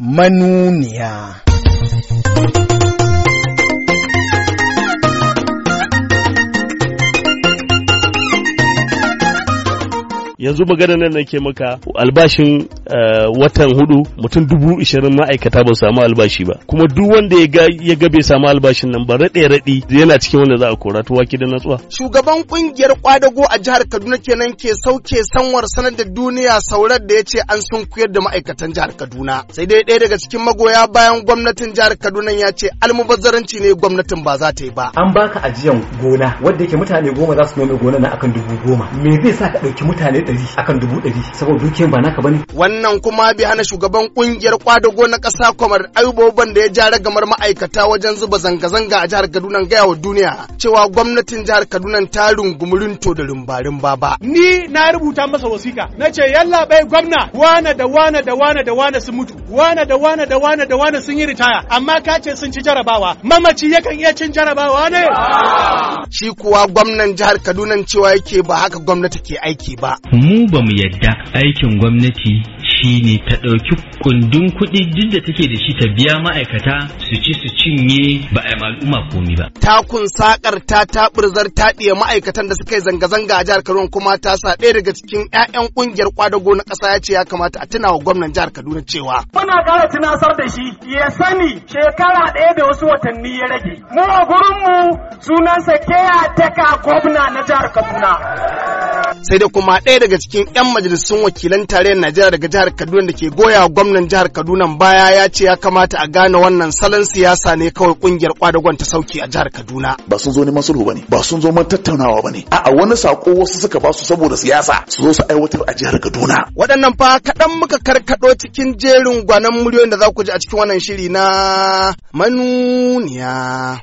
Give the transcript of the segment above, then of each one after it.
manuniya. yanzu magana nan nake maka albashin eh, watan hudu mutum dubu ishirin ma'aikata ba samu albashi ba kuma duk wanda ya ga bai samu albashin nan ba raɗe raɗi yana cikin wanda za a kora to waki da natsuwa. shugaban kungiyar kwadago a jihar kaduna kenan ke sauke sanwar sanar da duniya saurar da ya ce an sun koyar da ma'aikatan jihar kaduna sai dai ɗaya daga cikin magoya bayan gwamnatin jihar kaduna ya ce almubazzaranci ne gwamnatin ba za ta yi ba. an baka ajiyan gona wadda yake mutane goma za su nome gona na akan dubu goma me zai sa ka ɗauki mutane ɗari akan dubu ɗari saboda dukiyan ba naka bane. Wannan kuma bi hana shugaban kungiyar kwadago na ƙasa kwamar Ayuba da ya ja gamar ma'aikata wajen zuba zanga-zanga a jihar Kaduna gaya wa duniya cewa gwamnatin jihar Kaduna ta rungumi to da rumbarin baba. Ni na rubuta masa wasiƙa na ce yalla bai gwamna wane da wane da wane da wane sun mutu wane da wane da wane da wane sun yi ritaya amma ka ce sun ci jarabawa mamaci yakan iya cin jarabawa ne. Shi kuwa gwamnan jihar Kaduna cewa yake ba haka gwamnati ke aiki ba. mu ba mu yadda aikin gwamnati shine ta ɗauki kundin kuɗi duk da take da shi ta biya ma'aikata su ci su cinye ba a al'umma komi ba. Takun sakar ta taɓurzar ta ɗiya ma'aikatan da suka yi zanga-zanga a jihar Kaduna kuma ta sa ɗaya daga cikin 'ya'yan ƙungiyar kwadago na ƙasa ya ce ya kamata a tuna wa gwamnan jihar Kaduna cewa. Muna ƙara tunasar da shi ya sani shekara ɗaya da wasu watanni ya rage. Mu a gurinmu sunansa Keya Teka gwamna na jihar Kaduna. sai dai kuma ɗaya daga cikin 'yan majalisun wakilan tarayyar najeriya daga jihar kaduna da ke goya gwamnan jihar kaduna baya ya ce ya kamata a gane wannan salon siyasa ne kawai kungiyar kwadagon ta sauki a jihar kaduna ba sun zo neman sulhu bane ba sun zo man tattaunawa bane a'a wani sako wasu suka ba su saboda siyasa su zo su aiwatar a jihar kaduna waɗannan fa kaɗan muka karkaɗo cikin jerin gwanan muryoyin da za ku ji a cikin wannan shiri na manuniya.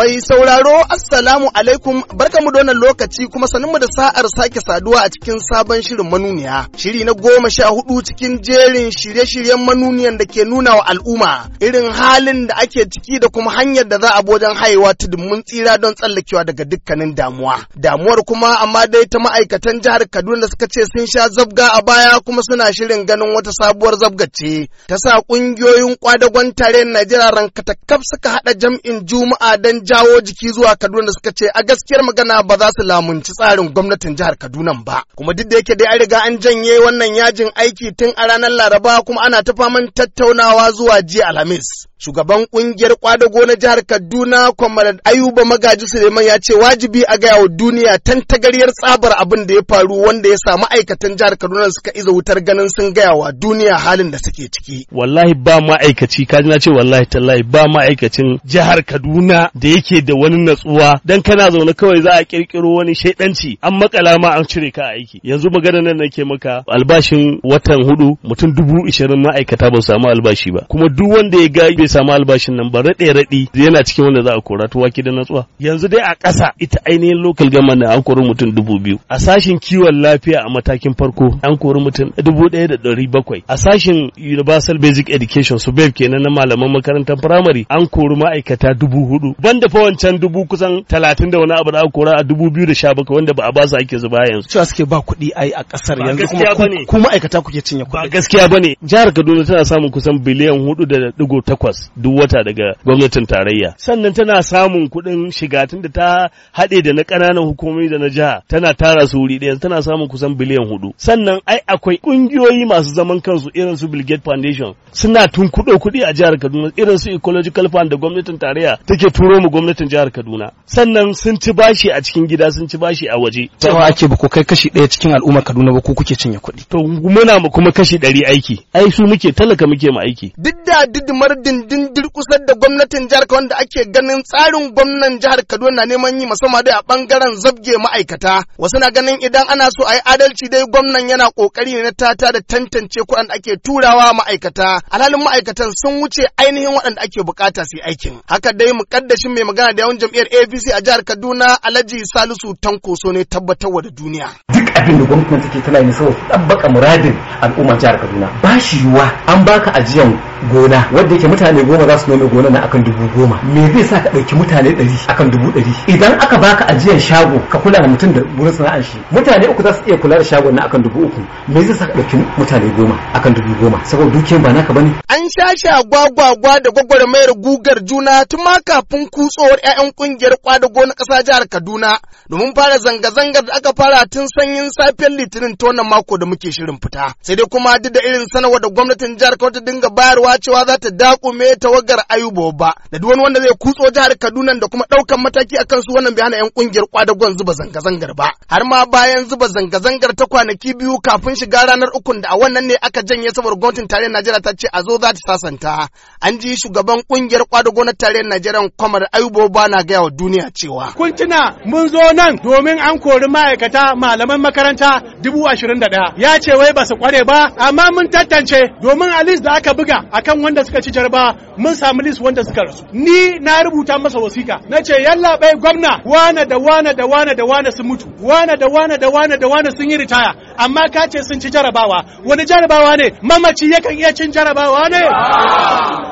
Mai sauraro Assalamu alaikum barkamu da wannan lokaci kuma sanin mu da sa'ar sake saduwa a cikin sabon shirin manuniya. Shiri na goma sha hudu cikin jerin shirye-shiryen manuniyan da ke nuna wa al'umma irin halin da ake ciki da kuma hanyar da za a wajen haihuwa tudummin tsira don tsallakewa daga dukkanin damuwa. Damuwar kuma amma dai ta ma'aikatan jihar Kaduna da suka ce sun sha zabga a baya kuma suna shirin ganin wata sabuwar zabga ce ta sa ƙungiyoyin kwadagon tare na jiran rankatakaf suka haɗa jam'in Juma'a don jawo jiki zuwa Kaduna da suka ce a gaskiyar magana ba za su lamunci tsarin gwamnatin jihar Kaduna ba. Kuma duk da yake dai an riga an janye wannan yajin aiki tun a ranar Laraba kuma ana ta faman tattaunawa zuwa jiya Alhamis. shugaban kungiyar kwadago na jihar Kaduna Kwamarar Ayuba Magaji Suleiman ya ce wajibi a gaya wa duniya tantagaryar tsabar abin da ya faru wanda ya samu ma'aikatan jihar Kaduna suka iza wutar ganin sun gaya wa duniya halin da suke ciki. Wallahi ba ma'aikaci kaji na ce wallahi tallahi ba ma'aikacin jihar Kaduna da yake da wani natsuwa dan kana zaune kawai za a kirkiro wani shaidanci an makala ma an cire ka aiki. Yanzu maganar nan nake maka albashin watan hudu mutum dubu ishirin ma'aikata ba su samu albashi ba kuma duk wanda ya ga samu albashin nan ba raɗe raɗi yana cikin wanda za a kora to waki da natsuwa yanzu dai a ƙasa ita ainihin local government an kori mutum dubu biyu a sashin kiwon lafiya a matakin farko an kori mutum dubu ɗaya da ɗari bakwai a sashin universal basic education su beb kenan na malaman makarantar primary an kori ma'aikata dubu hudu banda fa wancan dubu kusan talatin da wani abu da aka kora a dubu biyu da sha bakwai wanda ba a ba su ake zuba yanzu cewa suke ba kuɗi ai a ƙasar yanzu kuma ku ma'aikata kuke cinye kuɗi ba gaskiya bane jihar Kaduna tana samun kusan biliyan hudu da ɗigo takwas duk wata daga gwamnatin tarayya. Sannan tana samun kuɗin shiga tun da ta haɗe da na ƙananan hukumomi da na jiha tana tara su wuri ɗaya tana samun kusan biliyan hudu. Sannan ai akwai ƙungiyoyi masu zaman kansu irin su Bill Gates Foundation suna tunkuɗo kuɗi a jihar Kaduna irin su Ecological Fund da gwamnatin tarayya take turo mu gwamnatin jihar Kaduna. Sannan sun ci bashi a cikin gida sun ci bashi a waje. Cewa ake ba ku kai kashi ɗaya cikin al'ummar Kaduna ba ku kuke cinye kuɗi. To muna mu kuma kashi ɗari aiki. Ai su muke talaka muke mu aiki. Duk didimar dindin durkusar da gwamnatin jihar Kaduna da ake ganin tsarin gwamnan jihar Kaduna na neman yi musamman dai a bangaren zabge ma'aikata. Wasu na ganin idan ana so a yi adalci dai gwamnan yana kokari ne na tata da tantance kuɗin da ake turawa ma'aikata. Alhalin ma'aikatan sun wuce ainihin waɗanda ake bukata su yi aikin. Haka dai mukaddashin mai magana da yawan jam'iyyar APC a jihar Kaduna Alhaji Salisu Tankoso ne tabbatarwa da duniya. Duk abin da gwamnati take tana yi saboda tabbaka muradin al'ummar jihar Kaduna. Ba shi yiwuwa an baka ajiyan go gona wanda yake mutane goma za su nome gona na akan dubu goma me zai sa ka ɗauki mutane ɗari akan dubu ɗari idan aka baka ajiyar shago ka kula da mutum da wurin sana'ar shi mutane uku za su iya kula da shagon na akan dubu uku me zai sa ka ɗauki mutane goma akan dubu goma saboda dukiyar ba naka bane an sha sha gwagwagwa da gwagwarmayar gugar juna tun ma kafin kutsowar 'ya'yan kungiyar kwadago gona ƙasa jihar Kaduna domin fara zanga-zangar da aka fara tun sanyin safiyar litinin ta wannan mako da muke shirin fita sai dai kuma duk da irin sanarwa da gwamnatin jihar Kaduna ta dinga bayarwa ce cewa za ta dakume tawagar ayubo ba da duk wanda zai kutso jihar kaduna da kuma daukan mataki akan su wannan bai hana 'yan ƙungiyar kwadagon zuba zanga-zangar ba har ma bayan zuba zanga-zangar ta kwanaki biyu kafin shiga ranar ukun da a wannan ne aka janye saboda gwamnatin tarayyar najeriya ta ce a zo za ta sasanta an ji shugaban kungiyar kwadago na tarayyar najeriya kwamar ayubo ba na gaya wa duniya cewa kun tuna mun zo nan domin an kori ma'aikata malaman makaranta dubu ashirin da ɗaya ya ce wai ba su kware ba amma mun tantance domin alis da aka buga akan wanda suka ci jarba mun samu list wanda suka rasu ni na rubuta masa wasika na ce yalla bai gwamna wana da wana da wana da wana sun mutu wana da wana da wana da wana sun yi ritaya amma ka ce sun ci jarabawa wani jarabawa ne mamaci yakan iya cin jarabawa ne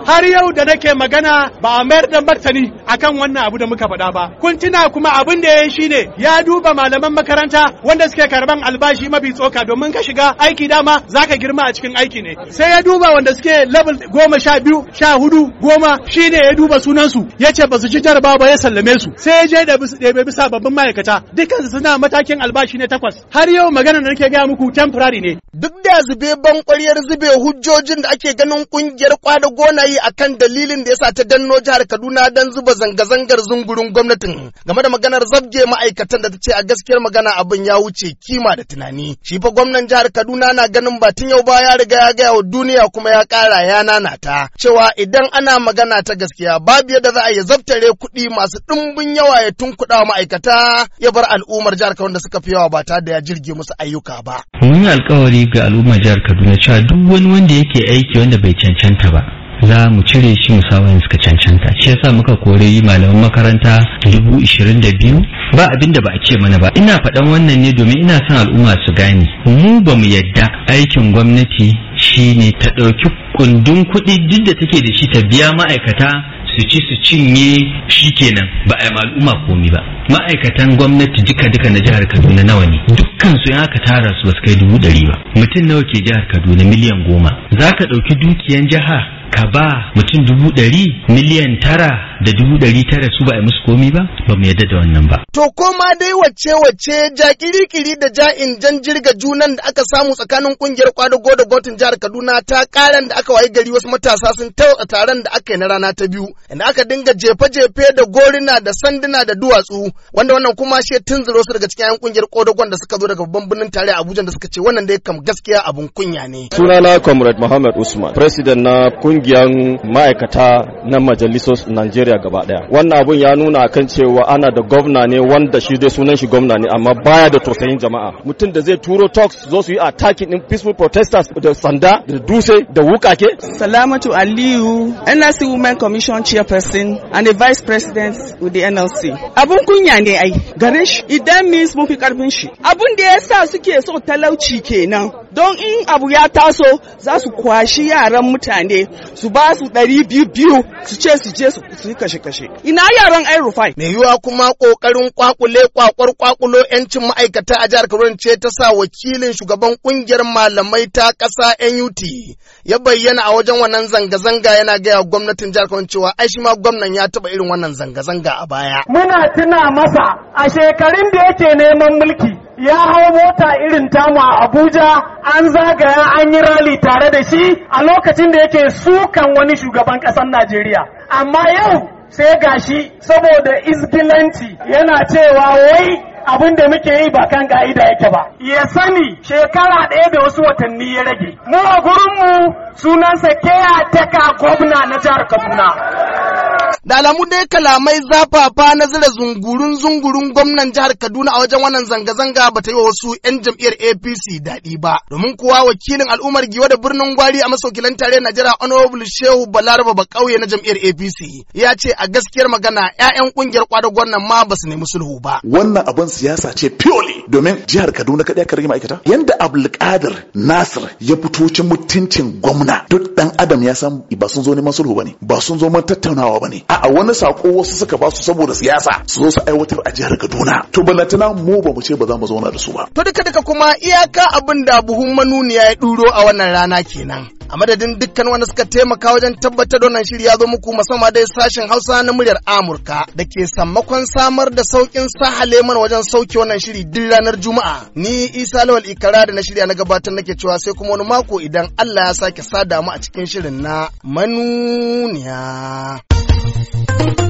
har yau da nake magana ba a mayar da martani akan wannan abu da muka faɗa ba kun tuna kuma abin da ya yi shine ya duba malaman makaranta wanda suke karban albashi mafi tsoka domin ka shiga aiki dama zaka girma a cikin aiki ne sai ya duba wanda suke level goma sha biyu sha hudu goma shine ya duba sunansu ya ce ba su ci jarabawa ba ya sallame su sai ya je da bisa babban ma'aikata dukkan suna matakin albashi ne takwas har yau magana da nake gaya muku temporary ne. Duk da zube ban ƙwaryar zube hujjojin da ake ganin ƙungiyar kwada gonayi a kan dalilin da ya sa ta danno jihar Kaduna don zuba zanga-zangar zungurin gwamnatin game da maganar zabge ma'aikatan da ta ce a gaskiyar magana abin ya wuce kima da tunani. Shi fa gwamnan jihar Kaduna na ganin batun yau ba ya riga ya gaya wa duniya kuma ya ƙara ya nanata cewa idan ana magana ta gaskiya babu yadda za a yi zabtare kuɗi masu ɗumbin yawa ya tunkuɗa ma'aikata ya bar al'ummar jihar Kaduna da suka fi yawa ba tare da ya jirge musu ayyuka ba. Mun yi alkawari ga al'ummar jihar Kaduna cewa duk wani wanda yake aiki wanda bai cancanta ba. za mu cire shi mu samu suka cancanta shi yasa muka kore yi malaman makaranta dubu ishirin da biyu ba abin da ba a ce mana ba ina faɗan wannan ne domin ina son al'umma su gane mu ba mu yadda aikin gwamnati shine ta ɗauki kundin kuɗi duk da take da shi ta biya ma'aikata su ci su cinye shi kenan ba a yi al'umma komi ba ma'aikatan gwamnati duka duka na jihar kaduna nawa ne dukkan su ya aka tara su basu kai dubu ɗari ba mutum nawa ke jihar kaduna miliyan goma za ka ɗauki dukiyan jiha ka ba mutum dubu ɗari miliyan tara da dubu ɗari tara su ba a musu komi ba ba mu yadda da wannan ba. To koma dai wace wace ja kiri da ja jan jirga junan da aka samu tsakanin kungiyar kwadago da gwamnatin jihar Kaduna ta karan da aka wayi gari wasu matasa sun tarwatsa taron da aka yi na rana ta biyu inda aka dinga jefe-jefe da gorina da sanduna da duwatsu wanda wannan kuma shi tun zuro su daga cikin 'yan kungiyar kwadagon da suka zo daga babban birnin tare Abuja da suka ce wannan dai kam gaskiya abun kunya ne. Sunana Comrade Muhammad Usman, President na kungiyar ma'aikata na majalisar Najeriya. Najeriya gaba daya wannan abun ya nuna kan cewa ana da gwamna ne wanda shi dai sunan shi gwamna ne amma baya da tausayin jama'a mutum da zai turo talks zo su yi attacking din peaceful protesters da sanda da dutse da wukake Salamatu Aliyu NLC Women Commission chairperson and the vice president with the NLC abun kunya ne ai gare shi idan means mun fi karfin shi abun da yasa suke so talauci kenan don in abu ya taso za su kwashi yaran mutane su ba su ɗari biyu biyu su ce su je su kashe-kashe ina yaran ai rufai me yiwa kuma kokarin kwakule kwakwar kwakulo yancin ma'aikata a jihar Kaduna ce ta sa wakilin shugaban ƙungiyar malamai ta ƙasa NUT ya bayyana a wajen wannan zanga-zanga yana gaya gwamnatin jihar Kaduna cewa ai shi ma gwamnan ya taɓa irin wannan zanga-zanga a baya muna tuna masa a shekarun da yake neman mulki ya hau mota irin tamu a Abuja an zagaya an yi rali tare da shi a lokacin da yake sukan wani shugaban ƙasar Najeriya. Amma yau sai ga shi saboda izgilanci yana cewa wai abin da muke yi ba kan ka'ida yake ba. Ya sani shekara ɗaya da wasu watanni ya rage. Mu a gurinmu sunansa Keya Teka Gwamna na jihar Kaduna. Da alamu dai kalamai zafafa na zira zungurun zungurun gwamnan jihar Kaduna a wajen wannan zanga-zanga ba ta yi wa wasu 'yan jam'iyyar APC daɗi ba. Domin kuwa wakilin al'ummar Giwa da birnin Gwari a masaukilan tare Najeriya Honorable Shehu Balaraba ba ƙauye na jam'iyyar APC ya ce a gaskiyar magana 'ya'yan ƙungiyar kwadagon nan ma ba su nemi sulhu ba. Wannan abin siyasa ce purely domin jihar Kaduna kaɗai aka rage ma'aikata. Yanda Abdulkadir Nasir ya fito cin mutuncin gwamna duk ɗan adam ya san ba sun zo neman sulhu ba ne ba sun zo man tattaunawa ba ne. A wani sako wasu suka ba su saboda siyasa su zo su aiwatar a jihar Kaduna to balantana mu ba mu ce ba za mu zauna da su ba to duka duka kuma iyaka abin da buhun manuniya ya duro a wannan rana kenan a madadin dukkan wanda suka taimaka wajen tabbatar da wannan shiri ya zo muku musamman dai sashen Hausa na muryar Amurka da ke sammakon samar da saukin saha leman wajen sauke wannan shiri duk ranar Juma'a. Ni Isa Lawal Ikara da na shirya na gabatar nake cewa sai kuma wani mako idan Allah ya sake sada mu a cikin shirin na manuniya. Thank you.